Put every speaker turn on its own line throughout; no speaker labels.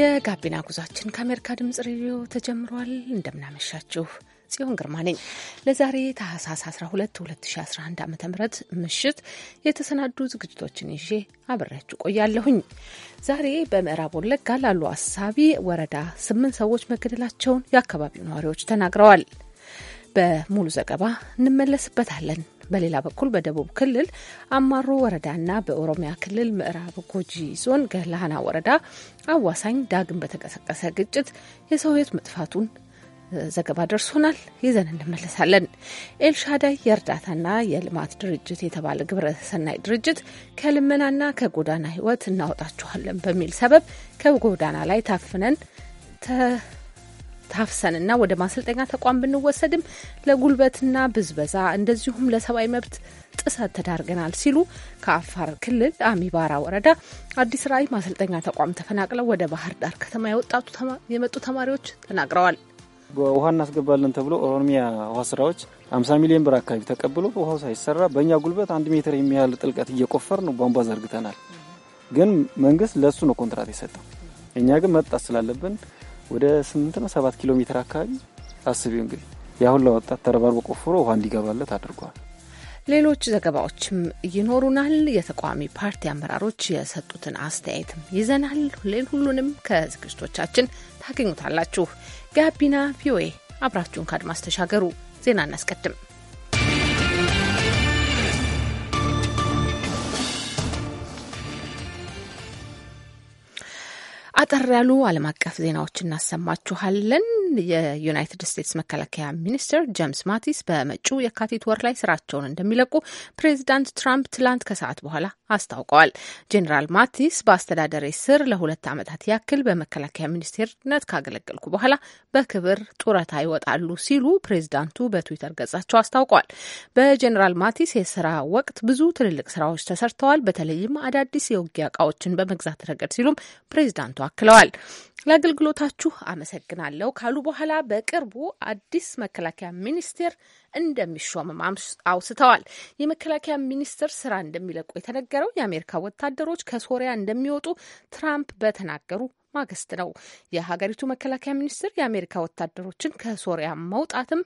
የጋቢና ጉዟችን ከአሜሪካ ድምጽ ሬዲዮ ተጀምሯል። እንደምናመሻችሁ ጽዮን ግርማ ነኝ። ለዛሬ ታህሳስ 12 2011 ዓ ም ምሽት የተሰናዱ ዝግጅቶችን ይዤ አብሬያችሁ ቆያለሁኝ። ዛሬ በምዕራብ ወለጋ ላሉ አሳቢ ወረዳ ስምንት ሰዎች መገደላቸውን የአካባቢው ነዋሪዎች ተናግረዋል። በሙሉ ዘገባ እንመለስበታለን። በሌላ በኩል በደቡብ ክልል አማሮ ወረዳና በኦሮሚያ ክልል ምዕራብ ጉጂ ዞን ገላና ወረዳ አዋሳኝ ዳግም በተቀሰቀሰ ግጭት የሰው ሕይወት መጥፋቱን ዘገባ ደርሶናል። ይዘን እንመለሳለን። ኤልሻዳይ የእርዳታና የልማት ድርጅት የተባለ ግብረሰናይ ድርጅት ከልመናና ከጎዳና ህይወት እናወጣችኋለን በሚል ሰበብ ከጎዳና ላይ ታፍነን ታፍሰንና ወደ ማሰልጠኛ ተቋም ብንወሰድም ለጉልበትና ብዝበዛ እንደዚሁም ለሰብአዊ መብት ጥሰት ተዳርገናል ሲሉ ከአፋር ክልል አሚባራ ወረዳ አዲስ ራዕይ ማሰልጠኛ ተቋም ተፈናቅለው ወደ ባህር ዳር ከተማ የመጡ ተማሪዎች
ተናግረዋል። ውሃ እናስገባለን ተብሎ ኦሮሚያ ውሃ ስራዎች 50 ሚሊዮን ብር አካባቢ ተቀብሎ ውሃው ሳይሰራ በእኛ ጉልበት አንድ ሜትር የሚያህል ጥልቀት እየቆፈር ነው ቧንቧ ዘርግተናል። ግን መንግስት ለእሱ ነው ኮንትራት የሰጠው። እኛ ግን መጣት ስላለብን ወደ ስምንት ነው ሰባት ኪሎ ሜትር አካባቢ አስቢ እንግዲህ የአሁን ለወጣት ተረባርቦ ቆፍሮ ውሃ እንዲገባለት አድርጓል።
ሌሎች ዘገባዎችም ይኖሩናል። የተቃዋሚ ፓርቲ አመራሮች የሰጡትን አስተያየትም ይዘናል። ሁሉንም ከዝግጅቶቻችን ታገኙታላችሁ። ጋቢና ቪኦኤ አብራችሁን ከአድማስ ተሻገሩ። ዜና እናስቀድም። አጠር ያሉ ዓለም አቀፍ ዜናዎች እናሰማችኋለን። የዩናይትድ ስቴትስ መከላከያ ሚኒስትር ጄምስ ማቲስ በመጪው የካቲት ወር ላይ ስራቸውን እንደሚለቁ ፕሬዚዳንት ትራምፕ ትላንት ከሰዓት በኋላ አስታውቀዋል። ጄኔራል ማቲስ በአስተዳደሬ ስር ለሁለት ዓመታት ያክል በመከላከያ ሚኒስቴርነት ካገለገልኩ በኋላ በክብር ጡረታ ይወጣሉ ሲሉ ፕሬዚዳንቱ በትዊተር ገጻቸው አስታውቀዋል። በጄኔራል ማቲስ የስራ ወቅት ብዙ ትልልቅ ስራዎች ተሰርተዋል፣ በተለይም አዳዲስ የውጊያ እቃዎችን በመግዛት ረገድ ሲሉም ፕሬዚዳንቱ አክለዋል። ለአገልግሎታችሁ አመሰግናለሁ ካሉ በኋላ በቅርቡ አዲስ መከላከያ ሚኒስቴር እንደሚሾምም አውስተዋል። የመከላከያ ሚኒስቴር ስራ እንደሚለቁ የተነገረው የአሜሪካ ወታደሮች ከሶሪያ እንደሚወጡ ትራምፕ በተናገሩ ማግስት ነው። የሀገሪቱ መከላከያ ሚኒስትር የአሜሪካ ወታደሮችን ከሶሪያ መውጣትም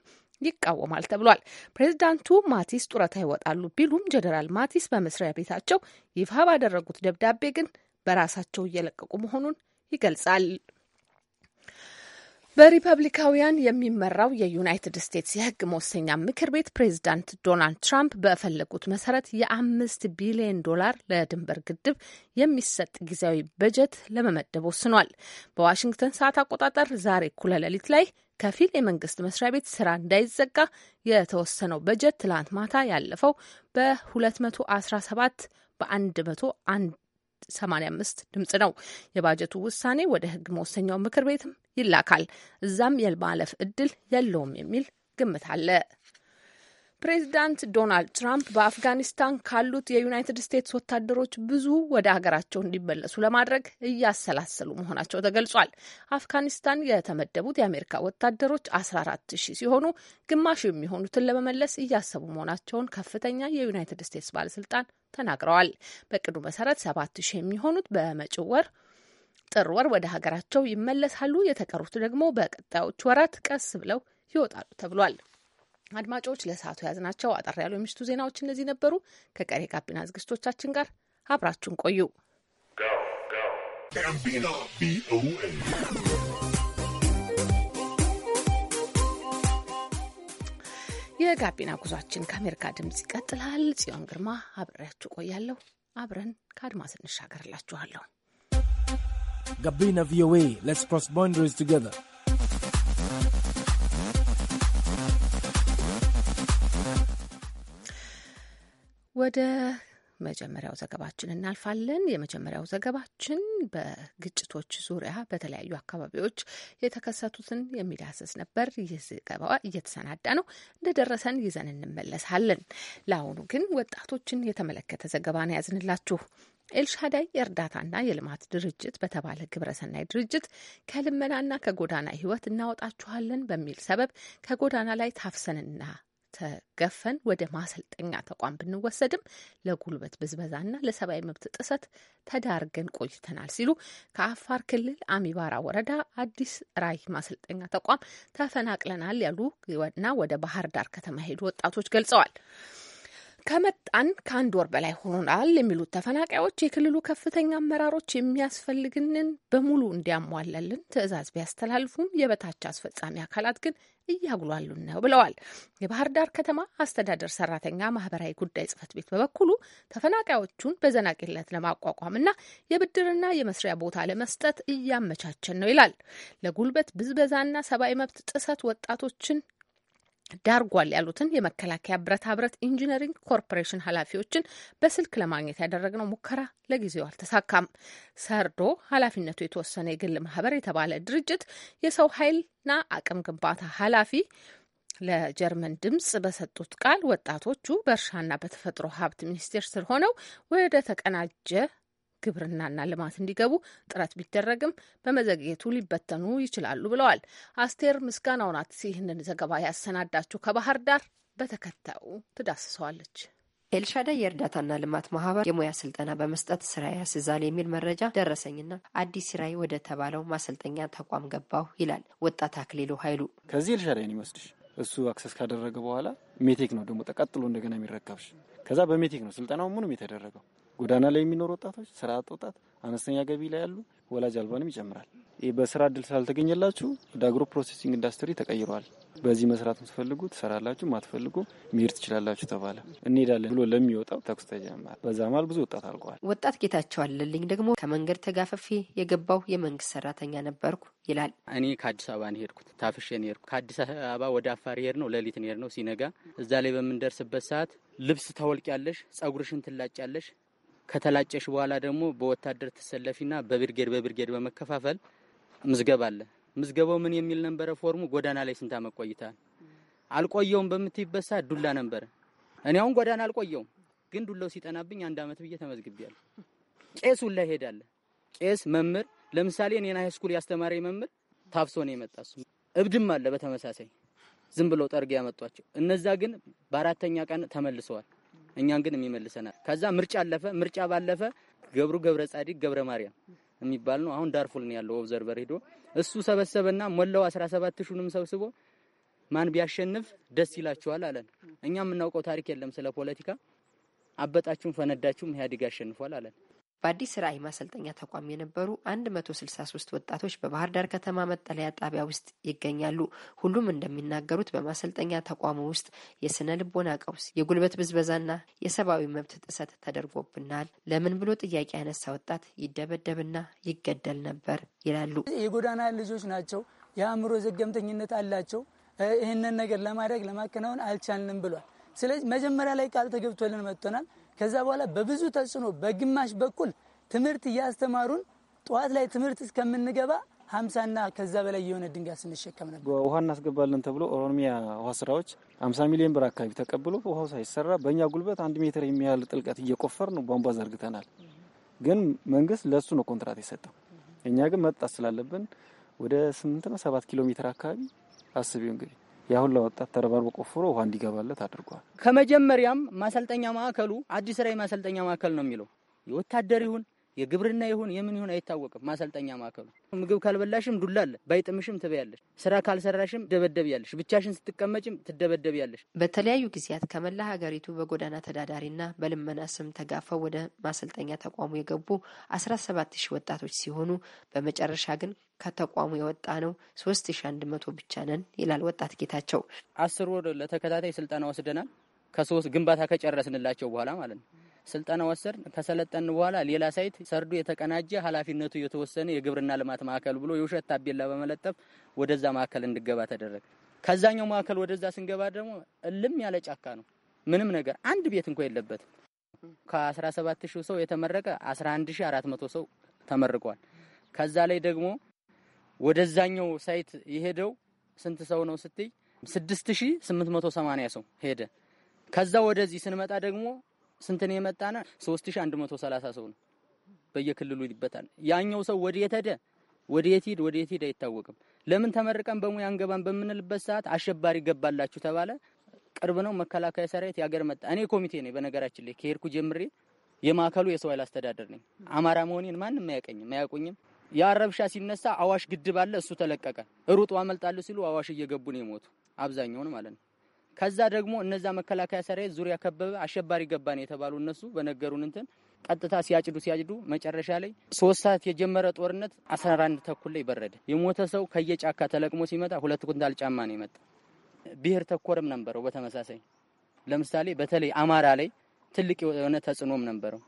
ይቃወማል ተብሏል። ፕሬዚዳንቱ ማቲስ ጡረታ ይወጣሉ ቢሉም ጀኔራል ማቲስ በመስሪያ ቤታቸው ይፋ ባደረጉት ደብዳቤ ግን በራሳቸው እየለቀቁ መሆኑን ይገልጻል። በሪፐብሊካውያን የሚመራው የዩናይትድ ስቴትስ የሕግ መወሰኛ ምክር ቤት ፕሬዚዳንት ዶናልድ ትራምፕ በፈለጉት መሰረት የአምስት ቢሊዮን ዶላር ለድንበር ግድብ የሚሰጥ ጊዜያዊ በጀት ለመመደብ ወስኗል። በዋሽንግተን ሰዓት አቆጣጠር ዛሬ እኩለ ሌሊት ላይ ከፊል የመንግስት መስሪያ ቤት ስራ እንዳይዘጋ የተወሰነው በጀት ትላንት ማታ ያለፈው በ217 በ101 85 ድምጽ ነው። የባጀቱ ውሳኔ ወደ ህግ መወሰኛው ምክር ቤትም ይላካል። እዛም የማለፍ እድል የለውም የሚል ግምት አለ። ፕሬዚዳንት ዶናልድ ትራምፕ በአፍጋኒስታን ካሉት የዩናይትድ ስቴትስ ወታደሮች ብዙ ወደ ሀገራቸው እንዲመለሱ ለማድረግ እያሰላሰሉ መሆናቸው ተገልጿል። አፍጋኒስታን የተመደቡት የአሜሪካ ወታደሮች 14 ሺህ ሲሆኑ ግማሽ የሚሆኑትን ለመመለስ እያሰቡ መሆናቸውን ከፍተኛ የዩናይትድ ስቴትስ ባለስልጣን ተናግረዋል። በቅዱ መሰረት 7 ሺህ የሚሆኑት በመጪው ወር ጥር ወር ወደ ሀገራቸው ይመለሳሉ። የተቀሩት ደግሞ በቀጣዮች ወራት ቀስ ብለው ይወጣሉ ተብሏል። አድማጮች ለሰዓቱ የያዝናቸው አጠር ያሉ የምሽቱ ዜናዎች እነዚህ ነበሩ። ከቀሪ ጋቢና ዝግጅቶቻችን ጋር አብራችሁን ቆዩ። የጋቢና ጉዟችን ከአሜሪካ ድምፅ ይቀጥላል። ጽዮን ግርማ አብሬያችሁ ቆያለሁ። አብረን ከአድማስ እንሻገርላችኋለሁ።
ጋቢና ቪኦኤ ሌትስ ፕሮስ ባውንደሪስ
ቱጌዘር
ወደ መጀመሪያው ዘገባችን እናልፋለን። የመጀመሪያው ዘገባችን በግጭቶች ዙሪያ በተለያዩ አካባቢዎች የተከሰቱትን የሚዳስስ ነበር። ይህ ዘገባ እየተሰናዳ ነው፣ እንደደረሰን ይዘን እንመለሳለን። ለአሁኑ ግን ወጣቶችን የተመለከተ ዘገባ ነው ያዝንላችሁ። ኤልሻዳይ የእርዳታና የልማት ድርጅት በተባለ ግብረሰናይ ድርጅት ከልመናና ከጎዳና ሕይወት እናወጣችኋለን በሚል ሰበብ ከጎዳና ላይ ታፍሰንና ተገፈን ወደ ማሰልጠኛ ተቋም ብንወሰድም ለጉልበት ብዝበዛና ለሰብአዊ መብት ጥሰት ተዳርገን ቆይተናል ሲሉ ከአፋር ክልል አሚባራ ወረዳ አዲስ ራይ ማሰልጠኛ ተቋም ተፈናቅለናል ያሉና ወደ ባህር ዳር ከተማ ሄዱ ወጣቶች ገልጸዋል። ከመጣን ከአንድ ወር በላይ ሆኖናል የሚሉት ተፈናቃዮች የክልሉ ከፍተኛ አመራሮች የሚያስፈልግንን በሙሉ እንዲያሟላልን ትዕዛዝ ቢያስተላልፉም የበታች አስፈጻሚ አካላት ግን እያጉሏሉን ነው ብለዋል። የባህር ዳር ከተማ አስተዳደር ሰራተኛ ማህበራዊ ጉዳይ ጽህፈት ቤት በበኩሉ ተፈናቃዮቹን ለማቋቋም ለማቋቋምና የብድርና የመስሪያ ቦታ ለመስጠት እያመቻቸን ነው ይላል። ለጉልበት ብዝበዛና ሰብአዊ መብት ጥሰት ወጣቶችን ዳርጓል ያሉትን የመከላከያ ብረታ ብረት ኢንጂነሪንግ ኮርፖሬሽን ኃላፊዎችን በስልክ ለማግኘት ያደረግነው ሙከራ ለጊዜው አልተሳካም። ሰርዶ ኃላፊነቱ የተወሰነ የግል ማህበር የተባለ ድርጅት የሰው ኃይልና አቅም ግንባታ ኃላፊ ለጀርመን ድምጽ በሰጡት ቃል ወጣቶቹ በእርሻና በተፈጥሮ ሀብት ሚኒስቴር ስር ሆነው ወደ ተቀናጀ ግብርናና ልማት እንዲገቡ ጥረት ቢደረግም በመዘግየቱ ሊበተኑ ይችላሉ ብለዋል። አስቴር ምስጋናው ናት ይህንን ዘገባ ያሰናዳችው ከባህር ዳር በተከታዩ
ትዳስሰዋለች። ኤልሻዳይ የእርዳታና ልማት ማህበር የሙያ ስልጠና በመስጠት ስራ ያስዛል የሚል መረጃ ደረሰኝና አዲስ ራይ ወደ ተባለው ማሰልጠኛ ተቋም ገባሁ ይላል ወጣት አክሊሉ ኃይሉ።
ከዚህ ኤልሻዳይ ይወስድሽ እሱ አክሰስ ካደረገ በኋላ ሜቴክ ነው ደግሞ ተቀጥሎ እንደገና የሚረከብሽ። ከዛ በሜቴክ ነው ስልጠናው ምኑም የተደረገው ጎዳና ላይ የሚኖሩ ወጣቶች፣ ስራ አጥ ወጣት፣ አነስተኛ ገቢ ላይ ያሉ ወላጅ አልባንም ይጨምራል። ይህ በስራ እድል ስላልተገኘላችሁ ወደ አግሮ ፕሮሴሲንግ ኢንዱስትሪ ተቀይሯል። በዚህ መስራት የምትፈልጉ ትሰራላችሁ፣ ማትፈልጉ መሄድ ትችላላችሁ ተባለ። እንሄዳለን ብሎ ለሚወጣው ተኩስ ተጀመረ። በዛ መሃል ብዙ ወጣት አልቀዋል።
ወጣት ጌታቸው አለልኝ ደግሞ ከመንገድ ተጋፈፌ የገባው የመንግስት ሰራተኛ ነበርኩ ይላል።
እኔ
ከአዲስ አበባ ነው ሄድኩት፣ ታፍሼ ነው ሄድኩት። ከአዲስ አበባ ወደ አፋር ሄድ ነው፣ ሌሊት ሄድ ነው። ሲነጋ እዛ ላይ በምንደርስበት ሰዓት ልብስ ተወልቅ ያለሽ፣ ጸጉርሽን ትላጭ ያለሽ ከተላጨሽ በኋላ ደግሞ በወታደር ተሰለፊና በብርጌድ በብርጌድ በመከፋፈል ምዝገባ አለ። ምዝገባው ምን የሚል ነበረ? ፎርሙ ጎዳና ላይ ስንት መቆይታ ቆይተሃል? አልቆየውም በምትይበሳ ዱላ ነበረ። እኔ አሁን ጎዳና አልቆየውም፣ ግን ዱላው ሲጠናብኝ አንድ ዓመት ብዬ ተመዝግቤያለሁ። ቄስ ሁላ ይሄዳለ። ቄስ መምህር፣ ለምሳሌ እኔን ስኩል ያስተማረ መምህር ታፍሶ ነው የመጣ እሱ። እብድም አለ በተመሳሳይ ዝም ብለው ጠርገ ያመጧቸው። እነዛ ግን በአራተኛ ቀን ተመልሰዋል። እኛን ግን የሚመልሰናል። ከዛ ምርጫ አለፈ። ምርጫ ባለፈ ገብሩ ገብረ ጻዲቅ ገብረ ማርያም የሚባል ነው። አሁን ዳርፉል ነው ያለው ኦብዘርቨር ሄዶ እሱ ሰበሰበና ሞላው 17 ሹንም ሰብስቦ ማን ቢያሸንፍ ደስ ይላችኋል አለን። እኛ የምናውቀው ታሪክ የለም ስለ ፖለቲካ። አበጣችሁም ፈነዳችሁም ኢህአዴግ አሸንፏል አለን።
በአዲስ ራዕይ ማሰልጠኛ ተቋም የነበሩ 163 ወጣቶች በባህር ዳር ከተማ መጠለያ ጣቢያ ውስጥ ይገኛሉ። ሁሉም እንደሚናገሩት በማሰልጠኛ ተቋሙ ውስጥ የስነ ልቦና ቀውስ፣ የጉልበት ብዝበዛና የሰብአዊ መብት ጥሰት ተደርጎብናል። ለምን ብሎ ጥያቄ ያነሳ ወጣት ይደበደብና ይገደል ነበር ይላሉ።
የጎዳና ልጆች ናቸው። የአእምሮ ዘገምተኝነት አላቸው። ይህንን ነገር ለማድረግ ለማከናወን አልቻልንም ብሏል። ስለዚህ መጀመሪያ ላይ ቃል ተገብቶልን መጥቶናል። ከዛ በኋላ በብዙ ተጽዕኖ በግማሽ በኩል ትምህርት እያስተማሩን ጠዋት ላይ ትምህርት እስከምንገባ ሀምሳና ከዛ በላይ የሆነ ድንጋይ ስንሸከም
ነበር። ውሃ እናስገባለን ተብሎ ኦሮሚያ ውሃ ስራዎች ሀምሳ ሚሊዮን ብር አካባቢ ተቀብሎ ውሃው ሳይሰራ በእኛ ጉልበት አንድ ሜትር የሚያህል ጥልቀት እየቆፈር ነው ቧንቧ ዘርግተናል። ግን መንግስት ለእሱ ነው ኮንትራት የሰጠው። እኛ ግን መጣት ስላለብን ወደ ስምንትና ሰባት ኪሎ ሜትር አካባቢ አስቢው እንግዲህ ያሁን ለወጣት ተረባርቦ ቆፍሮ ውሃ እንዲገባለት አድርጓል።
ከመጀመሪያም ማሰልጠኛ ማዕከሉ አዲስ ራዕይ ማሰልጠኛ ማዕከል ነው የሚለው የወታደር ይሁን የግብርና ይሁን የምን ይሁን አይታወቅም። ማሰልጠኛ ማዕከሉ ምግብ ካልበላሽም ዱላ አለ፣ ባይጥምሽም ትበያለሽ፣ ስራ ካልሰራሽም ደበደብ ያለሽ፣ ብቻሽን ስትቀመጭም ትደበደብ ያለሽ።
በተለያዩ ጊዜያት ከመላ ሀገሪቱ በጎዳና ተዳዳሪና በልመና ስም ተጋፈው ወደ ማሰልጠኛ ተቋሙ የገቡ አስራ ሰባት ሺህ ወጣቶች ሲሆኑ በመጨረሻ ግን ከተቋሙ የወጣ ነው ሶስት ሺህ አንድ መቶ ብቻ ነን ይላል ወጣት ጌታቸው።
አስር ወር ለተከታታይ ስልጠና ወስደናል። ከሶስት ግንባታ ከጨረስንላቸው በኋላ ማለት ነው ስልጠና ወሰድ። ከሰለጠን በኋላ ሌላ ሳይት ሰርዶ የተቀናጀ ኃላፊነቱ የተወሰነ የግብርና ልማት ማዕከል ብሎ የውሸት ታቤላ በመለጠፍ ወደዛ ማዕከል እንድገባ ተደረገ። ከዛኛው ማዕከል ወደዛ ስንገባ ደግሞ እልም ያለ ጫካ ነው። ምንም ነገር አንድ ቤት እንኳ የለበትም። ሺህ ሰው የተመረቀ 11400 ሰው ተመርቋል። ከዛ ላይ ደግሞ ወደዛኛው ሳይት የሄደው ስንት ሰው ነው ስትይ 6880 ሰው ሄደ። ከዛ ወደዚህ ስንመጣ ደግሞ ስንት ነው የመጣነ? 3130 ሰው ነው በየክልሉ ይበታል። ያኛው ሰው ወዴት ሄደ? ወዴት ሂድ ወዴት ሂድ አይታወቅም። ለምን ተመርቀን በሙያ አንገባን በምንልበት ሰዓት አሸባሪ ገባላችሁ ተባለ። ቅርብ ነው መከላከያ ሰራዊት ያገር መጣ። እኔ ኮሚቴ ነኝ በነገራችን ላይ ከሄድኩ ጀምሬ የማዕከሉ የሰው ኃይል አስተዳደር ነኝ። አማራ መሆኔን ማንም አያቀኝም አያውቁኝም። ያ ሲነሳ አዋሽ ግድብ አለ፣ እሱ ተለቀቀ። ሩጡ አመልጣለሁ ሲሉ አዋሽ እየገቡ ነው የሞቱ አብዛኛውን ማለት ነው። ከዛ ደግሞ እነዛ መከላከያ ሰራዊት ዙሪያ ከበበ፣ አሸባሪ ገባን የተባሉ እነሱ በነገሩን እንትን ቀጥታ ሲያጭዱ ሲያጭዱ መጨረሻ ላይ ሶስት ሰዓት የጀመረ ጦርነት አስራ አንድ ተኩል ላይ በረደ። የሞተ ሰው ከየጫካ ተለቅሞ ሲመጣ ሁለት ኩንታል ጫማ ነው የመጣ። ብሔር ተኮርም ነበረው በተመሳሳይ ለምሳሌ በተለይ አማራ ላይ ትልቅ የሆነ ተጽዕኖም ነበረው።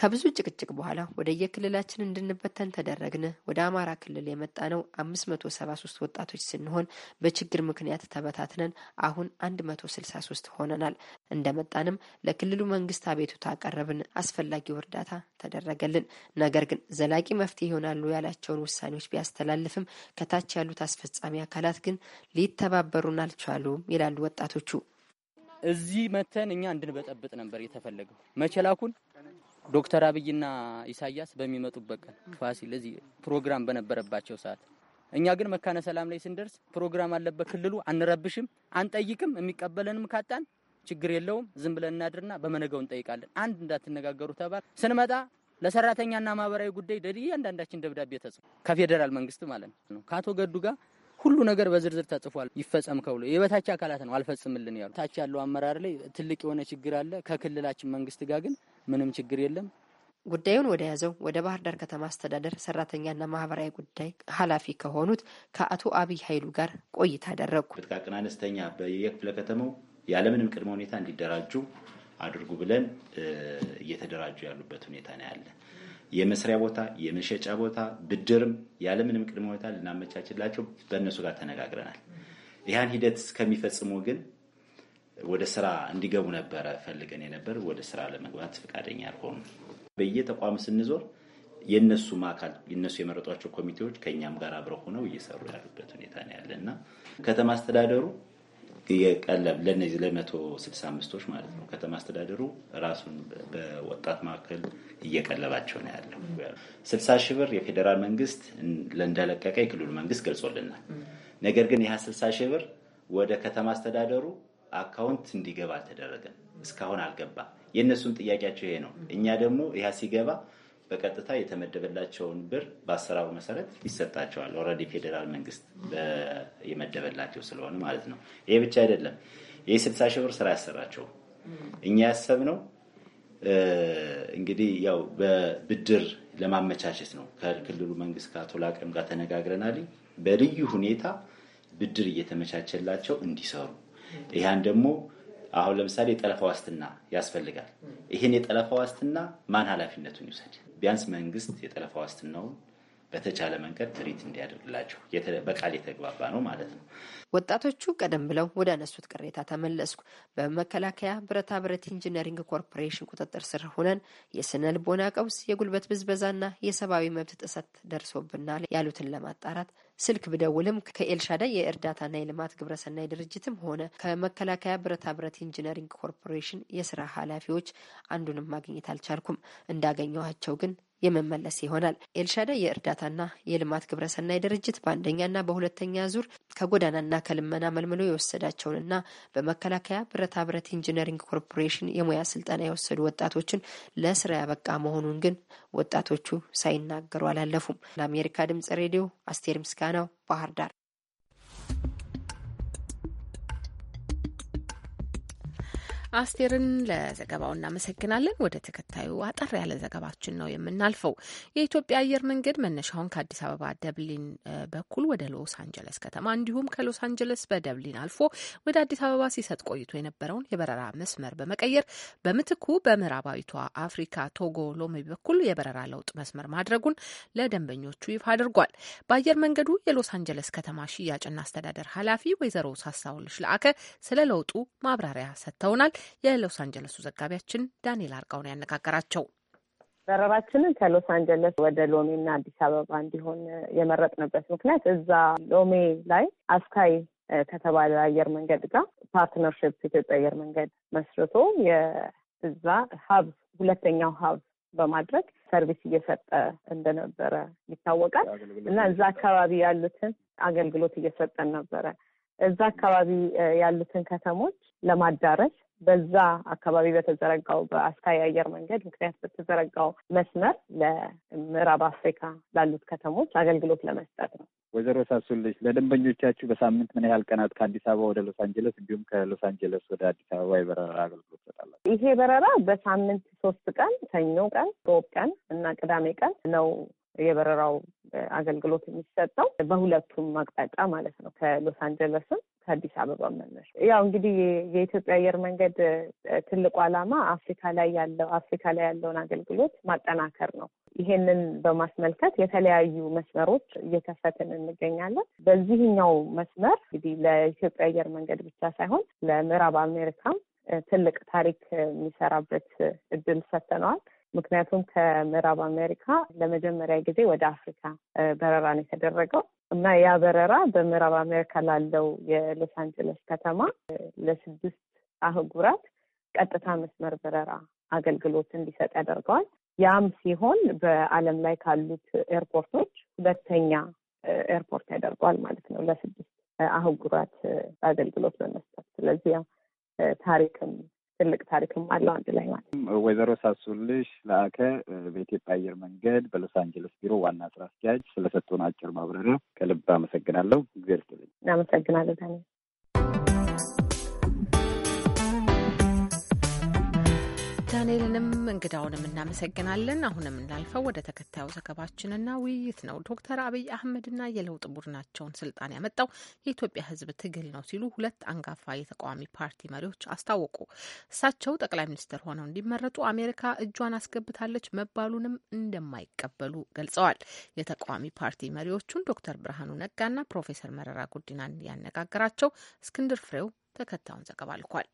ከብዙ ጭቅጭቅ
በኋላ ወደ የክልላችን እንድንበተን ተደረግን። ወደ አማራ ክልል የመጣ ነው አምስት መቶ ሰባ ሶስት ወጣቶች ስንሆን በችግር ምክንያት ተበታትነን አሁን አንድ መቶ ስልሳ ሶስት ሆነናል። እንደመጣንም ለክልሉ መንግስት አቤቱታ አቀረብን። አስፈላጊው እርዳታ ተደረገልን። ነገር ግን ዘላቂ መፍትሄ ይሆናሉ ያላቸውን ውሳኔዎች ቢያስተላልፍም ከታች ያሉት አስፈጻሚ አካላት ግን ሊተባበሩን አልቻሉም ይላሉ ወጣቶቹ።
እዚህ መተን እኛ እንድንበጠብጥ ነበር የተፈለገው መቸላኩን ዶክተር አብይና ኢሳያስ በሚመጡበት ቀን ፋሲል እዚህ ፕሮግራም በነበረባቸው ሰዓት እኛ ግን መካነ ሰላም ላይ ስንደርስ ፕሮግራም አለበት ክልሉ፣ አንረብሽም፣ አንጠይቅም። የሚቀበለንም ካጣን ችግር የለውም ዝም ብለን እናድርና በመነገው እንጠይቃለን። አንድ እንዳትነጋገሩ ተባል። ስንመጣ ለሰራተኛና ማህበራዊ ጉዳይ ለእያንዳንዳችን ደብዳቤ ተጽፎ ከፌዴራል መንግስት ማለት ነው ከአቶ ገዱ ጋር ሁሉ ነገር በዝርዝር ተጽፏል። ይፈጸም ከብሎ የበታች አካላት ነው አልፈጽምልን ያሉ ታች ያለው አመራር ላይ ትልቅ የሆነ ችግር አለ። ከክልላችን መንግስት ጋር ግን ምንም ችግር የለም።
ጉዳዩን ወደ ያዘው ወደ ባህር ዳር ከተማ አስተዳደር ሰራተኛና ማህበራዊ ጉዳይ ኃላፊ ከሆኑት ከአቶ አብይ ኃይሉ ጋር ቆይታ አደረግኩ።
ጥቃቅን አነስተኛ በየክፍለ ከተማው ያለምንም ቅድመ ሁኔታ እንዲደራጁ አድርጉ ብለን እየተደራጁ ያሉበት ሁኔታ ነው ያለ። የመስሪያ ቦታ፣ የመሸጫ ቦታ፣ ብድርም ያለምንም ቅድመ ሁኔታ ልናመቻችላቸው በእነሱ ጋር ተነጋግረናል። ይህን ሂደት እስከሚፈጽሙ ግን ወደ ስራ እንዲገቡ ነበረ ፈልገን የነበር ወደ ስራ ለመግባት ፈቃደኛ አልሆኑ። በየተቋም ስንዞር የእነሱም አካል የእነሱ የመረጧቸው ኮሚቴዎች ከእኛም ጋር አብረው ሆነው እየሰሩ ያሉበት ሁኔታ ነው ያለ እና ከተማ አስተዳደሩ የቀለብ ለነዚህ ለመቶ ስልሳ አምስቶች ማለት ነው። ከተማ አስተዳደሩ ራሱን በወጣት ማዕከል እየቀለባቸው ነው ያለው። ስልሳ ሺህ ብር የፌዴራል መንግስት እንደለቀቀ የክልሉ መንግስት ገልጾልናል። ነገር ግን ይህ ስልሳ ሺህ ብር ወደ ከተማ አስተዳደሩ አካውንት እንዲገባ አልተደረገም። እስካሁን አልገባ የእነሱም ጥያቄያቸው ይሄ ነው። እኛ ደግሞ ያ ሲገባ በቀጥታ የተመደበላቸውን ብር በአሰራሩ መሰረት ይሰጣቸዋል። ኦልሬዲ ፌዴራል መንግስት የመደበላቸው ስለሆነ ማለት ነው። ይሄ ብቻ አይደለም። ይህ ስልሳ ሺህ ብር ስራ ያሰራቸው እኛ ያሰብነው እንግዲህ ያው በብድር ለማመቻቸት ነው። ከክልሉ መንግስት ከአቶ ላቀም ጋር ተነጋግረናል። በልዩ ሁኔታ ብድር እየተመቻቸላቸው እንዲሰሩ ይህን ደግሞ አሁን ለምሳሌ የጠለፋ ዋስትና ያስፈልጋል። ይህን የጠለፋ ዋስትና ማን ኃላፊነቱን ይውሰድ? ቢያንስ መንግስት የጠለፋ ዋስትናውን በተቻለ መንገድ ትሪት እንዲያደርግላቸው በቃል የተግባባ ነው ማለት ነው።
ወጣቶቹ ቀደም ብለው ወደ አነሱት ቅሬታ ተመለስኩ። በመከላከያ ብረታ ብረት ኢንጂነሪንግ ኮርፖሬሽን ቁጥጥር ስር ሆነን የስነ ልቦና ቀውስ፣ የጉልበት ብዝበዛና የሰብአዊ መብት ጥሰት ደርሶብናል ያሉትን ለማጣራት ስልክ ብደውልም ከኤልሻዳይ የእርዳታና የልማት ግብረሰናይ ድርጅትም ሆነ ከመከላከያ ብረታ ብረት ኢንጂነሪንግ ኮርፖሬሽን የስራ ኃላፊዎች አንዱንም ማግኘት አልቻልኩም። እንዳገኘኋቸው ግን የመመለስ ይሆናል። ኤልሻዳ የእርዳታና የልማት ግብረሰናይ ድርጅት በአንደኛና በሁለተኛ ዙር ከጎዳናና ከልመና መልምሎ የወሰዳቸውንና በመከላከያ ብረታ ብረት ኢንጂነሪንግ ኮርፖሬሽን የሙያ ስልጠና የወሰዱ ወጣቶችን ለስራ ያበቃ መሆኑን ግን ወጣቶቹ ሳይናገሩ አላለፉም። ለአሜሪካ ድምጽ ሬዲዮ አስቴር ምስጋናው ባህር ዳር
አስቴርን ለዘገባው እናመሰግናለን። ወደ ተከታዩ አጠር ያለ ዘገባችን ነው የምናልፈው። የኢትዮጵያ አየር መንገድ መነሻውን ከአዲስ አበባ ደብሊን በኩል ወደ ሎስ አንጀለስ ከተማ እንዲሁም ከሎስ አንጀለስ በደብሊን አልፎ ወደ አዲስ አበባ ሲሰጥ ቆይቶ የነበረውን የበረራ መስመር በመቀየር በምትኩ በምዕራባዊቷ አፍሪካ ቶጎ ሎሚ በኩል የበረራ ለውጥ መስመር ማድረጉን ለደንበኞቹ ይፋ አድርጓል። በአየር መንገዱ የሎስ አንጀለስ ከተማ ሽያጭና አስተዳደር ኃላፊ ወይዘሮ ሳሳውልሽ ለአከ ስለ ለውጡ ማብራሪያ ሰጥተውናል። የሎስ አንጀለሱ ዘጋቢያችን ዳንኤል አርቃውን ያነጋገራቸው።
መረባችንን ከሎስ አንጀለስ ወደ ሎሜ እና አዲስ አበባ እንዲሆን የመረጥንበት ምክንያት እዛ ሎሜ ላይ አስካይ ከተባለ አየር መንገድ ጋር ፓርትነርሽፕ ኢትዮጵያ አየር መንገድ መስርቶ የእዛ ሀብ ሁለተኛው ሀብ በማድረግ ሰርቪስ እየሰጠ እንደነበረ ይታወቃል እና እዛ አካባቢ ያሉትን አገልግሎት እየሰጠን ነበረ። እዛ አካባቢ ያሉትን ከተሞች ለማዳረስ በዛ አካባቢ በተዘረጋው በአስካይ አየር መንገድ ምክንያት በተዘረጋው መስመር ለምዕራብ አፍሪካ ላሉት ከተሞች አገልግሎት ለመስጠት ነው።
ወይዘሮ ሳሱልሽ
ለደንበኞቻችሁ በሳምንት ምን ያህል ቀናት ከአዲስ አበባ ወደ ሎስ አንጀለስ እንዲሁም ከሎስ አንጀለስ ወደ አዲስ አበባ የበረራ አገልግሎት
ይሰጣላል? ይሄ በረራ በሳምንት ሶስት ቀን ሰኞ ቀን፣ ሮብ ቀን እና ቅዳሜ ቀን ነው የበረራው አገልግሎት የሚሰጠው በሁለቱም አቅጣጫ ማለት ነው ከሎስ አንጀለስም ከአዲስ አበባ መነሻ ያው እንግዲህ የኢትዮጵያ አየር መንገድ ትልቁ ዓላማ አፍሪካ ላይ ያለው አፍሪካ ላይ ያለውን አገልግሎት ማጠናከር ነው። ይሄንን በማስመልከት የተለያዩ መስመሮች እየከፈትን እንገኛለን። በዚህኛው መስመር እንግዲህ ለኢትዮጵያ አየር መንገድ ብቻ ሳይሆን ለምዕራብ አሜሪካም ትልቅ ታሪክ የሚሰራበት እድል ሰጥተነዋል። ምክንያቱም ከምዕራብ አሜሪካ ለመጀመሪያ ጊዜ ወደ አፍሪካ በረራ ነው የተደረገው እና ያ በረራ በምዕራብ አሜሪካ ላለው የሎስ አንጀለስ ከተማ ለስድስት አህጉራት ቀጥታ መስመር በረራ አገልግሎት እንዲሰጥ ያደርገዋል። ያም ሲሆን በዓለም ላይ ካሉት ኤርፖርቶች ሁለተኛ ኤርፖርት ያደርገዋል ማለት ነው ለስድስት አህጉራት አገልግሎት በመስጠት ስለዚህ ታሪክም ትልቅ ታሪክም አለው አንድ ላይ ማለት
ነው። ወይዘሮ ሳሱልሽ ለአከ በኢትዮጵያ አየር
መንገድ በሎስ አንጀለስ ቢሮ ዋና ስራ አስኪያጅ ስለሰጡን አጭር ማብራሪያ ከልብ አመሰግናለሁ።
እግዜር ይስጥልኝ።
አመሰግናለሁ።
ዳንኤልንም እንግዳውንም እናመሰግናለን። አሁን የምናልፈው ወደ ተከታዩ ዘገባችንና ውይይት ነው። ዶክተር አብይ አህመድና የለውጥ ቡድናቸውን ስልጣን ያመጣው የኢትዮጵያ ሕዝብ ትግል ነው ሲሉ ሁለት አንጋፋ የተቃዋሚ ፓርቲ መሪዎች አስታወቁ። እሳቸው ጠቅላይ ሚኒስትር ሆነው እንዲመረጡ አሜሪካ እጇን አስገብታለች መባሉንም እንደማይቀበሉ ገልጸዋል። የተቃዋሚ ፓርቲ መሪዎቹን ዶክተር ብርሃኑ ነጋና ፕሮፌሰር መረራ ጉዲናን ያነጋገራቸው እስክንድር ፍሬው ተከታዩን ዘገባ ልኳል።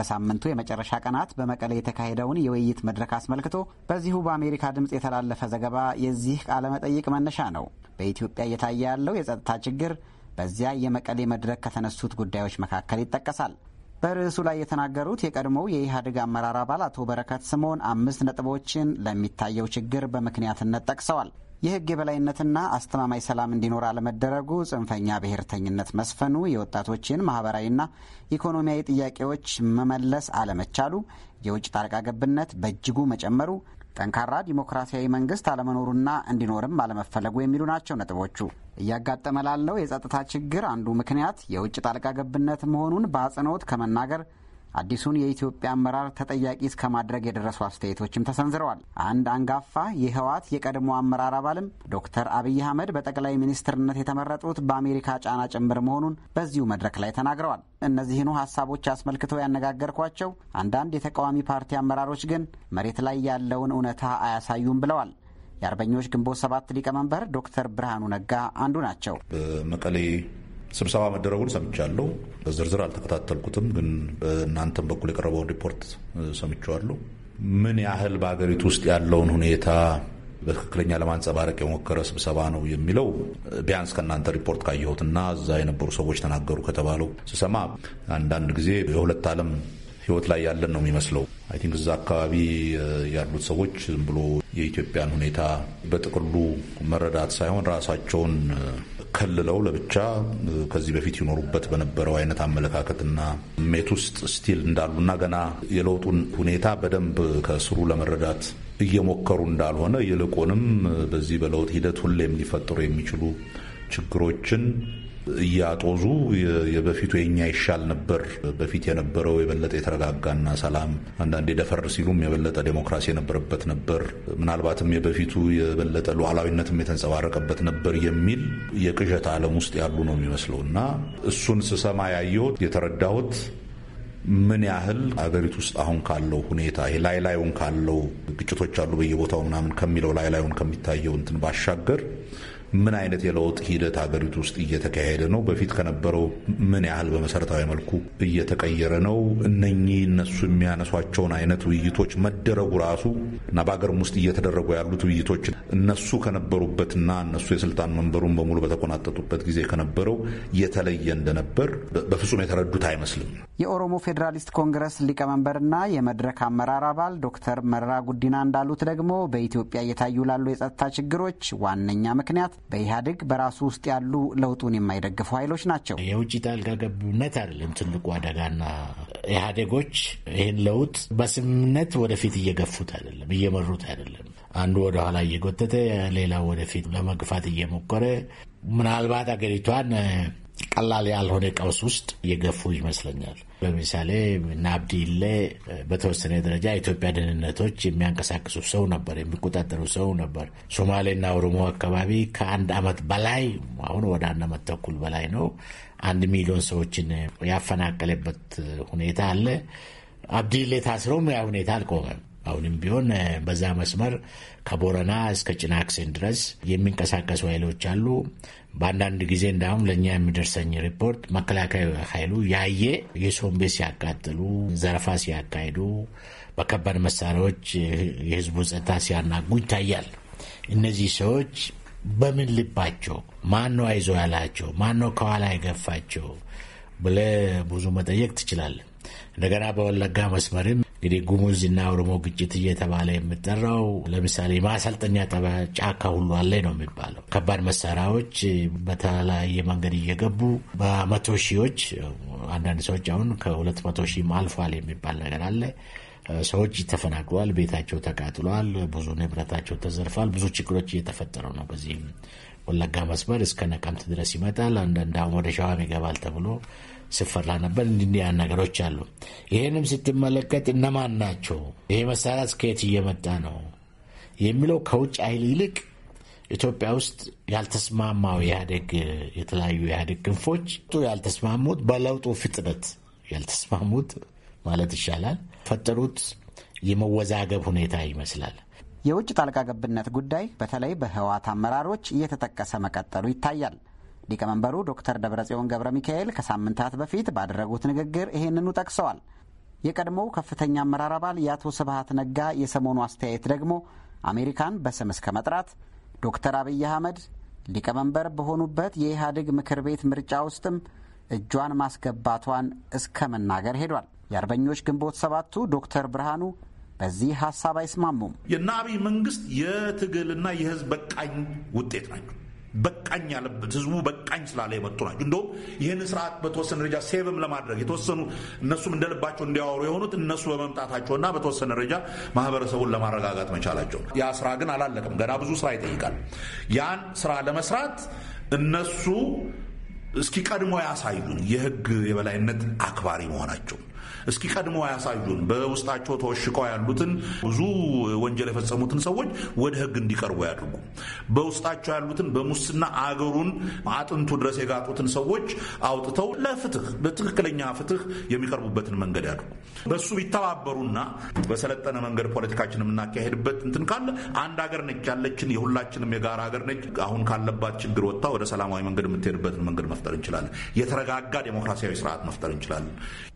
በሳምንቱ የመጨረሻ ቀናት በመቀሌ የተካሄደውን የውይይት መድረክ አስመልክቶ በዚሁ በአሜሪካ ድምፅ የተላለፈ ዘገባ የዚህ ቃለ መጠይቅ መነሻ ነው። በኢትዮጵያ እየታየ ያለው የጸጥታ ችግር በዚያ የመቀሌ መድረክ ከተነሱት ጉዳዮች መካከል ይጠቀሳል። በርዕሱ ላይ የተናገሩት የቀድሞው የኢህአዴግ አመራር አባል አቶ በረከት ስምኦን አምስት ነጥቦችን ለሚታየው ችግር በምክንያትነት ጠቅሰዋል። የህግ የበላይነትና አስተማማኝ ሰላም እንዲኖር አለመደረጉ፣ ጽንፈኛ ብሔርተኝነት መስፈኑ፣ የወጣቶችን ማህበራዊና ኢኮኖሚያዊ ጥያቄዎች መመለስ አለመቻሉ፣ የውጭ ጣልቃ ገብነት በእጅጉ መጨመሩ ጠንካራ ዲሞክራሲያዊ መንግስት አለመኖሩና እንዲኖርም አለመፈለጉ የሚሉ ናቸው ነጥቦቹ። እያጋጠመ ላለው የጸጥታ ችግር አንዱ ምክንያት የውጭ ጣልቃ ገብነት መሆኑን በአጽንኦት ከመናገር አዲሱን የኢትዮጵያ አመራር ተጠያቂ እስከ ማድረግ የደረሱ አስተያየቶችም ተሰንዝረዋል። አንድ አንጋፋ የህወሓት የቀድሞ አመራር አባልም ዶክተር አብይ አህመድ በጠቅላይ ሚኒስትርነት የተመረጡት በአሜሪካ ጫና ጭምር መሆኑን በዚሁ መድረክ ላይ ተናግረዋል። እነዚህኑ ሀሳቦች አስመልክተው ያነጋገርኳቸው አንዳንድ የተቃዋሚ ፓርቲ አመራሮች ግን መሬት ላይ ያለውን እውነታ አያሳዩም ብለዋል። የአርበኞች ግንቦት ሰባት ሊቀመንበር ዶክተር ብርሃኑ ነጋ አንዱ ናቸው።
በመቀሌ ስብሰባ መደረጉን ሰምቻለሁ። በዝርዝር አልተከታተልኩትም፣ ግን በእናንተም በኩል የቀረበውን ሪፖርት ሰምቼዋለሁ። ምን ያህል በሀገሪቱ ውስጥ ያለውን ሁኔታ በትክክለኛ ለማንጸባረቅ የሞከረ ስብሰባ ነው የሚለው ቢያንስ ከእናንተ ሪፖርት ካየሁትና እዛ የነበሩ ሰዎች ተናገሩ ከተባለው ስሰማ አንዳንድ ጊዜ የሁለት ዓለም ህይወት ላይ ያለን ነው የሚመስለው። አይ ቲንክ እዛ አካባቢ ያሉት ሰዎች ዝም ብሎ የኢትዮጵያን ሁኔታ በጥቅሉ መረዳት ሳይሆን ራሳቸውን ከልለው ለብቻ ከዚህ በፊት ይኖሩበት በነበረው አይነት አመለካከትና ሜት ውስጥ ስቲል እንዳሉና ገና የለውጡን ሁኔታ በደንብ ከስሩ ለመረዳት እየሞከሩ እንዳልሆነ ይልቁንም በዚህ በለውጥ ሂደት ሁሌም ሊፈጠሩ የሚችሉ ችግሮችን እያጦዙ የበፊቱ የኛ ይሻል ነበር፣ በፊት የነበረው የበለጠ የተረጋጋና ሰላም፣ አንዳንዴ ደፈር ሲሉም የበለጠ ዴሞክራሲ የነበረበት ነበር፣ ምናልባትም የበፊቱ የበለጠ ሉዓላዊነትም የተንጸባረቀበት ነበር የሚል የቅዠት ዓለም ውስጥ ያሉ ነው የሚመስለው እና እሱን ስሰማ ያየሁት የተረዳሁት ምን ያህል አገሪቱ ውስጥ አሁን ካለው ሁኔታ ላይ ላዩን ካለው ግጭቶች አሉ በየቦታው ምናምን ከሚለው ላይ ላዩን ከሚታየው እንትን ባሻገር ምን አይነት የለውጥ ሂደት ሀገሪቱ ውስጥ እየተካሄደ ነው? በፊት ከነበረው ምን ያህል በመሰረታዊ መልኩ እየተቀየረ ነው? እነኚህ እነሱ የሚያነሷቸውን አይነት ውይይቶች መደረጉ ራሱ እና በሀገርም ውስጥ እየተደረጉ ያሉት ውይይቶች እነሱ ከነበሩበትና እነሱ የስልጣን መንበሩን በሙሉ በተቆናጠጡበት ጊዜ ከነበረው የተለየ እንደነበር በፍጹም የተረዱት አይመስልም።
የኦሮሞ ፌዴራሊስት ኮንግረስ ሊቀመንበርና የመድረክ አመራር አባል ዶክተር መረራ ጉዲና እንዳሉት ደግሞ በኢትዮጵያ እየታዩ ላሉ የጸጥታ ችግሮች ዋነኛ ምክንያት በኢህአዴግ በራሱ ውስጥ ያሉ ለውጡን የማይደግፉ ኃይሎች ናቸው። የውጭ ጣልቃ ገብነት አይደለም ትልቁ አደጋና
ኢህአዴጎች ይህን ለውጥ በስምምነት ወደፊት እየገፉት አይደለም፣ እየመሩት አይደለም። አንዱ ወደኋላ እየጎተተ ሌላው ወደፊት ለመግፋት እየሞከረ ምናልባት አገሪቷን ቀላል ያልሆነ ቀውስ ውስጥ የገፉ ይመስለኛል። ለምሳሌ ናብዲሌ በተወሰነ ደረጃ የኢትዮጵያ ደህንነቶች የሚያንቀሳቅሱ ሰው ነበር፣ የሚቆጣጠሩ ሰው ነበር። ሶማሌና ኦሮሞ አካባቢ ከአንድ አመት በላይ አሁን ወደ አንድ ዓመት ተኩል በላይ ነው አንድ ሚሊዮን ሰዎችን ያፈናቀለበት ሁኔታ አለ። አብዲሌ ታስረውም ያ ሁኔታ አልቆመም። አሁንም ቢሆን በዛ መስመር ከቦረና እስከ ጭናክሴን ድረስ የሚንቀሳቀሱ ኃይሎች አሉ። በአንዳንድ ጊዜ እንዳሁም ለእኛ የሚደርሰኝ ሪፖርት መከላከያ ኃይሉ ያየ የሶምቤ ሲያቃጥሉ፣ ዘረፋ ሲያካሂዱ፣ በከባድ መሳሪያዎች የህዝቡ ጸጥታ ሲያናጉ ይታያል። እነዚህ ሰዎች በምን ልባቸው ማን ነው አይዞ ያላቸው? ማን ነው ከኋላ የገፋቸው ብለ ብዙ መጠየቅ ትችላለን። እንደገና በወለጋ መስመርም እንግዲህ ጉሙዝና ኦሮሞ ግጭት እየተባለ የምጠራው ለምሳሌ ማሰልጠኛ ጠባ ጫካ ሁሉ አለ ነው የሚባለው። ከባድ መሳሪያዎች በተለያየ መንገድ እየገቡ በመቶ ሺዎች አንዳንድ ሰዎች አሁን ከሁለት መቶ ሺህም አልፏል የሚባል ነገር አለ። ሰዎች ተፈናቅለዋል፣ ቤታቸው ተቃጥሏል፣ ብዙ ንብረታቸው ተዘርፏል። ብዙ ችግሮች እየተፈጠረው ነው። በዚህም ወለጋ መስመር እስከ ነቀምት ድረስ ይመጣል። አንዳንድ ወደ ሸዋም ይገባል ተብሎ ስፈራ ነበር። እንዲያ ነገሮች አሉ። ይህንም ስትመለከት እነማን ናቸው፣ ይሄ መሳሪያ እስከየት እየመጣ ነው የሚለው ከውጭ ኃይል ይልቅ ኢትዮጵያ ውስጥ ያልተስማማው ኢህአዴግ የተለያዩ ኢህአዴግ ክንፎች ያልተስማሙት በለውጡ ፍጥነት ያልተስማሙት ማለት ይሻላል
ፈጠሩት የመወዛገብ ሁኔታ ይመስላል። የውጭ ጣልቃ ገብነት ጉዳይ በተለይ በህወሓት አመራሮች እየተጠቀሰ መቀጠሉ ይታያል። ሊቀመንበሩ ዶክተር ደብረጽዮን ገብረ ሚካኤል ከሳምንታት በፊት ባደረጉት ንግግር ይህንኑ ጠቅሰዋል። የቀድሞው ከፍተኛ አመራር አባል የአቶ ስብሀት ነጋ የሰሞኑ አስተያየት ደግሞ አሜሪካን በስም እስከ መጥራት ዶክተር አብይ አህመድ ሊቀመንበር በሆኑበት የኢህአዴግ ምክር ቤት ምርጫ ውስጥም እጇን ማስገባቷን እስከ መናገር ሄዷል። የአርበኞች ግንቦት ሰባቱ ዶክተር ብርሃኑ በዚህ ሀሳብ አይስማሙም።
የአብይ መንግስት የትግልና የህዝብ በቃኝ ውጤት ናቸው በቃኝ ያለበት ህዝቡ በቃኝ ስላለ የመጡ ናቸው። እንደውም ይህን ስርዓት በተወሰነ ደረጃ ሴቭም ለማድረግ የተወሰኑ እነሱም እንደልባቸው እንዲያወሩ የሆኑት እነሱ በመምጣታቸውና በተወሰነ ደረጃ ማህበረሰቡን ለማረጋጋት መቻላቸው። ያ ስራ ግን አላለቅም ገና ብዙ ስራ ይጠይቃል። ያን ስራ ለመስራት እነሱ እስኪ ቀድሞ ያሳዩን የህግ የበላይነት አክባሪ መሆናቸው እስኪ ቀድሞ አያሳዩን። በውስጣቸው ተወሽቀው ያሉትን ብዙ ወንጀል የፈጸሙትን ሰዎች ወደ ህግ እንዲቀርቡ ያድርጉ። በውስጣቸው ያሉትን በሙስና አገሩን አጥንቱ ድረስ የጋጡትን ሰዎች አውጥተው ለፍትህ ለትክክለኛ ፍትህ የሚቀርቡበትን መንገድ ያድርጉ። በሱ ቢተባበሩና በሰለጠነ መንገድ ፖለቲካችን የምናካሄድበት እንትን ካለ አንድ ሀገር ነች ያለችን የሁላችንም የጋራ ሀገር ነች። አሁን ካለባት ችግር ወጥታ ወደ ሰላማዊ መንገድ የምትሄድበትን መንገድ መፍጠር እንችላለን።
የተረጋጋ ዴሞክራሲያዊ ስርዓት መፍጠር እንችላለን።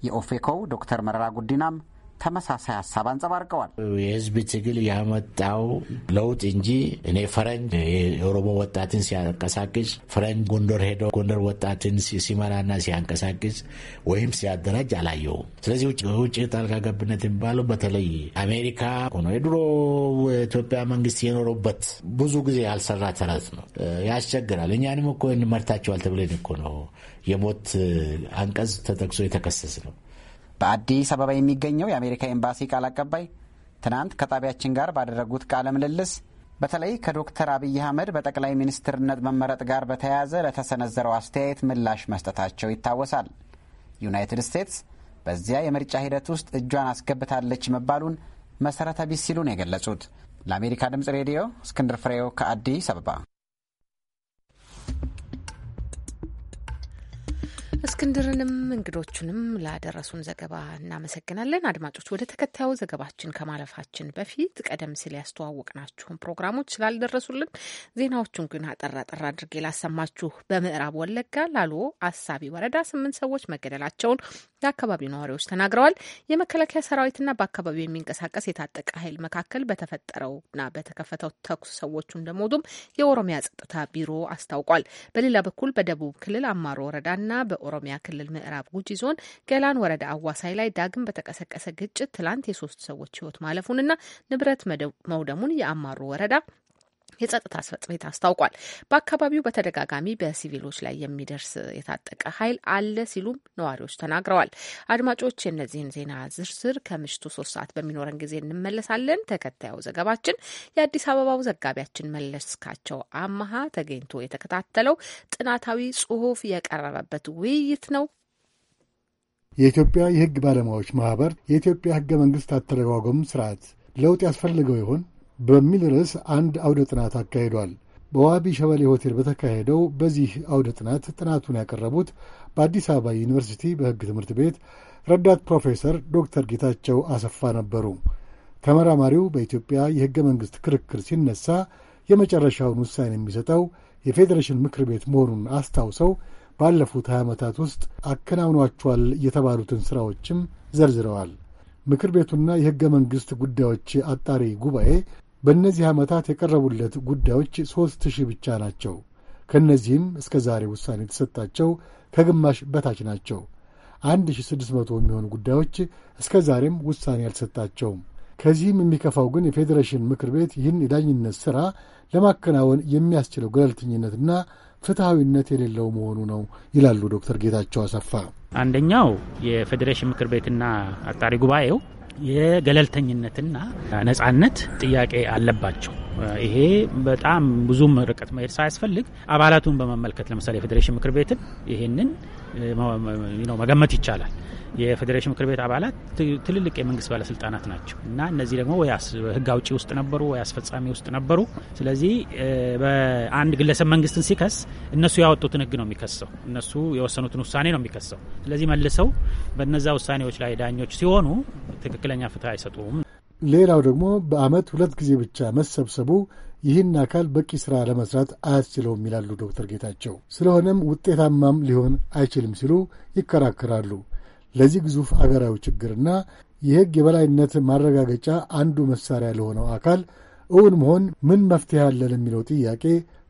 የኦፌኮ አልፈው ዶክተር መረራ ጉዲናም ተመሳሳይ ሀሳብ አንጸባርቀዋል።
የህዝብ ትግል ያመጣው ለውጥ እንጂ እኔ ፈረንጅ የኦሮሞ ወጣትን ሲያንቀሳቅስ ፈረንጅ ጎንደር ሄዶ ጎንደር ወጣትን ሲመራና ሲያንቀሳቅስ ወይም ሲያደራጅ አላየውም። ስለዚህ ውጭ ጣልቃ ገብነት የሚባለው በተለይ አሜሪካ ሆኖ የድሮ ኢትዮጵያ መንግስት የኖረበት ብዙ ጊዜ ያልሰራ ተረት ነው፣ ያስቸግራል። እኛንም እኮ እንመርታቸዋል ተብለን እኮ ነው የሞት አንቀጽ ተጠቅሶ የተከሰስ ነው
በአዲስ አበባ የሚገኘው የአሜሪካ ኤምባሲ ቃል አቀባይ ትናንት ከጣቢያችን ጋር ባደረጉት ቃለ ምልልስ በተለይ ከዶክተር አብይ አህመድ በጠቅላይ ሚኒስትርነት መመረጥ ጋር በተያያዘ ለተሰነዘረው አስተያየት ምላሽ መስጠታቸው ይታወሳል። ዩናይትድ ስቴትስ በዚያ የምርጫ ሂደት ውስጥ እጇን አስገብታለች መባሉን መሰረተ ቢስ ሲሉ ነው የገለጹት። ለአሜሪካ ድምፅ ሬዲዮ እስክንድር ፍሬው ከአዲስ አበባ
እስክንድርንም እንግዶቹንም ላደረሱን ዘገባ እናመሰግናለን። አድማጮች፣ ወደ ተከታዩ ዘገባችን ከማለፋችን በፊት ቀደም ሲል ያስተዋወቅናችሁን ፕሮግራሞች ስላልደረሱልን ዜናዎቹን ግን አጠር አጠር አድርጌ ላሰማችሁ። በምዕራብ ወለጋ ላሎ አሳቢ ወረዳ ስምንት ሰዎች መገደላቸውን የአካባቢው ነዋሪዎች ተናግረዋል። የመከላከያ ሰራዊትና በአካባቢው የሚንቀሳቀስ የታጠቀ ኃይል መካከል በተፈጠረውና በተከፈተው ተኩስ ሰዎቹ እንደሞቱም የኦሮሚያ ጸጥታ ቢሮ አስታውቋል። በሌላ በኩል በደቡብ ክልል አማሮ ወረዳና በኦሮሚያ ክልል ምዕራብ ጉጂ ዞን ገላን ወረዳ አዋሳይ ላይ ዳግም በተቀሰቀሰ ግጭት ትላንት የሶስት ሰዎች ህይወት ማለፉንና ንብረት መውደሙን የአማሮ ወረዳ የጸጥታ ጽሕፈት ቤት አስታውቋል። በአካባቢው በተደጋጋሚ በሲቪሎች ላይ የሚደርስ የታጠቀ ኃይል አለ ሲሉም ነዋሪዎች ተናግረዋል። አድማጮች የእነዚህን ዜና ዝርዝር ከምሽቱ ሶስት ሰዓት በሚኖረን ጊዜ እንመለሳለን። ተከታዩ ዘገባችን የአዲስ አበባው ዘጋቢያችን መለስካቸው አመሀ ተገኝቶ የተከታተለው ጥናታዊ ጽሑፍ የቀረበበት ውይይት ነው።
የኢትዮጵያ የሕግ ባለሙያዎች ማህበር የኢትዮጵያ ሕገ መንግሥት አተረጓጎም ስርዓት ለውጥ ያስፈልገው ይሆን በሚል ርዕስ አንድ አውደ ጥናት አካሂዷል። በዋቢ ሸበሌ ሆቴል በተካሄደው በዚህ አውደ ጥናት ጥናቱን ያቀረቡት በአዲስ አበባ ዩኒቨርሲቲ በሕግ ትምህርት ቤት ረዳት ፕሮፌሰር ዶክተር ጌታቸው አሰፋ ነበሩ። ተመራማሪው በኢትዮጵያ የሕገ መንግሥት ክርክር ሲነሳ የመጨረሻውን ውሳኔ የሚሰጠው የፌዴሬሽን ምክር ቤት መሆኑን አስታውሰው ባለፉት 2 ዓመታት ውስጥ አከናውኗቸዋል የተባሉትን ሥራዎችም ዘርዝረዋል። ምክር ቤቱና የሕገ መንግሥት ጉዳዮች አጣሪ ጉባኤ በእነዚህ ዓመታት የቀረቡለት ጉዳዮች ሦስት ሺህ ብቻ ናቸው። ከእነዚህም እስከ ዛሬ ውሳኔ የተሰጣቸው ከግማሽ በታች ናቸው። አንድ ሺህ ስድስት መቶ የሚሆኑ ጉዳዮች እስከ ዛሬም ውሳኔ አልሰጣቸውም። ከዚህም የሚከፋው ግን የፌዴሬሽን ምክር ቤት ይህን የዳኝነት ሥራ ለማከናወን የሚያስችለው ገለልተኝነትና ፍትሐዊነት የሌለው መሆኑ ነው ይላሉ ዶክተር ጌታቸው አሰፋ።
አንደኛው የፌዴሬሽን ምክር ቤትና አጣሪ ጉባኤው የገለልተኝነትና ነጻነት ጥያቄ አለባቸው። ይሄ በጣም ብዙም ርቀት መሄድ ሳያስፈልግ አባላቱን በመመልከት ለምሳሌ የፌዴሬሽን ምክር ቤትን ይሄንን መገመት ይቻላል። የፌዴሬሽን ምክር ቤት አባላት ትልልቅ የመንግስት ባለስልጣናት ናቸው እና እነዚህ ደግሞ ወይ ህግ አውጪ ውስጥ ነበሩ ወይ አስፈጻሚ ውስጥ ነበሩ። ስለዚህ በአንድ ግለሰብ መንግስትን ሲከስ እነሱ ያወጡትን ህግ ነው የሚከሰው፣ እነሱ የወሰኑትን ውሳኔ ነው የሚከሰው። ስለዚህ መልሰው በነዛ ውሳኔዎች ላይ ዳኞች ሲሆኑ ትክክለኛ ፍትህ አይሰጡም።
ሌላው ደግሞ በዓመት ሁለት ጊዜ ብቻ መሰብሰቡ ይህን አካል በቂ ሥራ ለመሥራት አያስችለውም ይላሉ ዶክተር ጌታቸው። ስለሆነም ውጤታማም ሊሆን አይችልም ሲሉ ይከራከራሉ። ለዚህ ግዙፍ አገራዊ ችግርና የሕግ የበላይነት ማረጋገጫ አንዱ መሣሪያ ለሆነው አካል እውን መሆን ምን መፍትሄ አለ ለሚለው ጥያቄ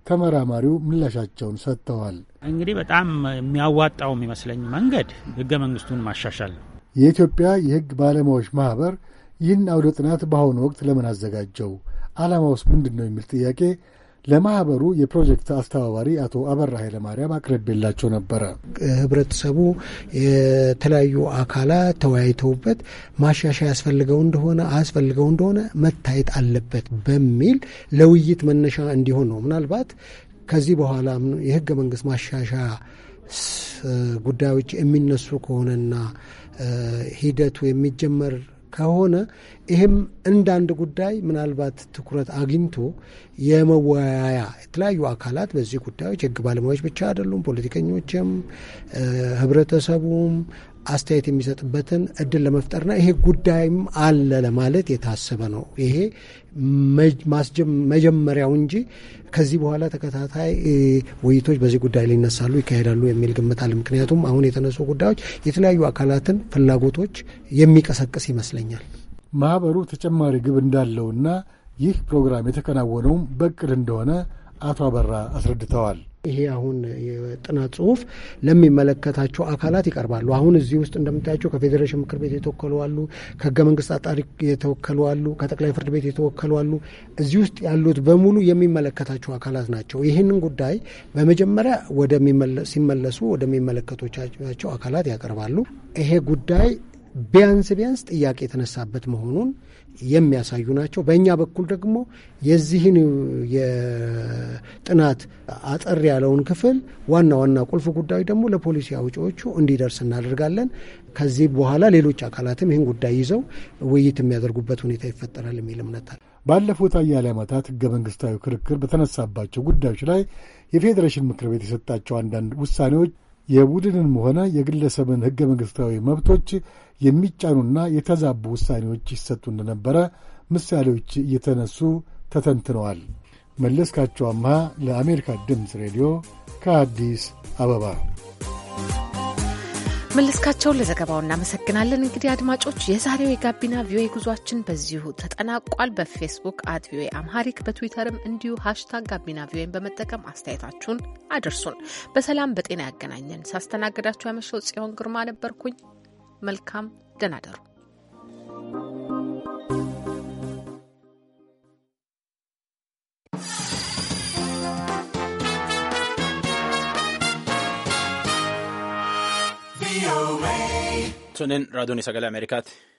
ተመራማሪው ምላሻቸውን ሰጥተዋል።
እንግዲህ በጣም የሚያዋጣው የሚመስለኝ መንገድ ሕገ መንግሥቱን ማሻሻል ነው።
የኢትዮጵያ የሕግ ባለሙያዎች ማኅበር ይህን አውደ ጥናት በአሁኑ ወቅት ለምን አዘጋጀው? ዓላማውስ ምንድን ነው? የሚል ጥያቄ ለማህበሩ የፕሮጀክት አስተባባሪ አቶ አበራ ኃይለማርያም አቅርቤላቸው ነበረ።
ህብረተሰቡ የተለያዩ አካላት ተወያይተውበት ማሻሻያ ያስፈልገው እንደሆነ አያስፈልገው እንደሆነ መታየት አለበት በሚል ለውይይት መነሻ እንዲሆን ነው። ምናልባት ከዚህ በኋላ የህገ መንግስት ማሻሻያ ጉዳዮች የሚነሱ ከሆነና ሂደቱ የሚጀመር ከሆነ ይህም እንደ አንድ ጉዳይ ምናልባት ትኩረት አግኝቶ የመወያያ የተለያዩ አካላት በዚህ ጉዳዮች ህግ ባለሙያዎች ብቻ አይደሉም፣ ፖለቲከኞችም ህብረተሰቡም አስተያየት የሚሰጥበትን እድል ለመፍጠርና ይሄ ጉዳይም አለ ለማለት የታሰበ ነው። ይሄ መጀመሪያው እንጂ ከዚህ በኋላ ተከታታይ ውይይቶች በዚህ ጉዳይ ላይ ይነሳሉ፣ ይካሄዳሉ የሚል ግምት አለ። ምክንያቱም አሁን የተነሱ ጉዳዮች የተለያዩ አካላትን ፍላጎቶች የሚቀሰቅስ ይመስለኛል። ማህበሩ ተጨማሪ ግብ እንዳለውና ይህ ፕሮግራም የተከናወነውም በእቅድ እንደሆነ አቶ አበራ አስረድተዋል። ይሄ አሁን የጥናት ጽሁፍ ለሚመለከታቸው አካላት ይቀርባሉ። አሁን እዚህ ውስጥ እንደምታያቸው ከፌዴሬሽን ምክር ቤት የተወከሉ አሉ፣ ከህገ መንግስት አጣሪ የተወከሉ አሉ፣ ከጠቅላይ ፍርድ ቤት የተወከሉ አሉ። እዚህ ውስጥ ያሉት በሙሉ የሚመለከታቸው አካላት ናቸው። ይህንን ጉዳይ በመጀመሪያ ሲመለሱ ወደሚመለከቶቻቸው አካላት ያቀርባሉ። ይሄ ጉዳይ ቢያንስ ቢያንስ ጥያቄ የተነሳበት መሆኑን የሚያሳዩ ናቸው። በእኛ በኩል ደግሞ የዚህን የጥናት አጠር ያለውን ክፍል ዋና ዋና ቁልፍ ጉዳዮች ደግሞ ለፖሊሲ አውጪዎቹ እንዲደርስ እናደርጋለን። ከዚህ በኋላ ሌሎች አካላትም ይህን ጉዳይ ይዘው ውይይት የሚያደርጉበት ሁኔታ ይፈጠራል የሚል እምነት አለ። ባለፉት አያሌ ዓመታት ህገ መንግስታዊ ክርክር
በተነሳባቸው ጉዳዮች ላይ የፌዴሬሽን ምክር ቤት የሰጣቸው አንዳንድ ውሳኔዎች የቡድንም ሆነ የግለሰብን ሕገ መንግሥታዊ መብቶች የሚጫኑና የተዛቡ ውሳኔዎች ይሰጡ እንደነበረ ምሳሌዎች እየተነሱ ተተንትነዋል። መለስካቸው አምሃ ለአሜሪካ ድምፅ ሬዲዮ ከአዲስ አበባ
መለስካቸውን ለዘገባው እናመሰግናለን። እንግዲህ አድማጮች የዛሬው የጋቢና ቪኦኤ ጉዟችን በዚሁ ተጠናቋል። በፌስቡክ አት ቪኦኤ አምሃሪክ በትዊተርም እንዲሁ ሀሽታግ ጋቢና ቪኦኤን በመጠቀም አስተያየታችሁን አድርሱን። በሰላም በጤና ያገናኘን። ሳስተናግዳችሁ ያመሸው ጽዮን ግርማ ነበርኩኝ። መልካም ደናደሩ
Sunneen raadiyoon sagalee Ameerikaati.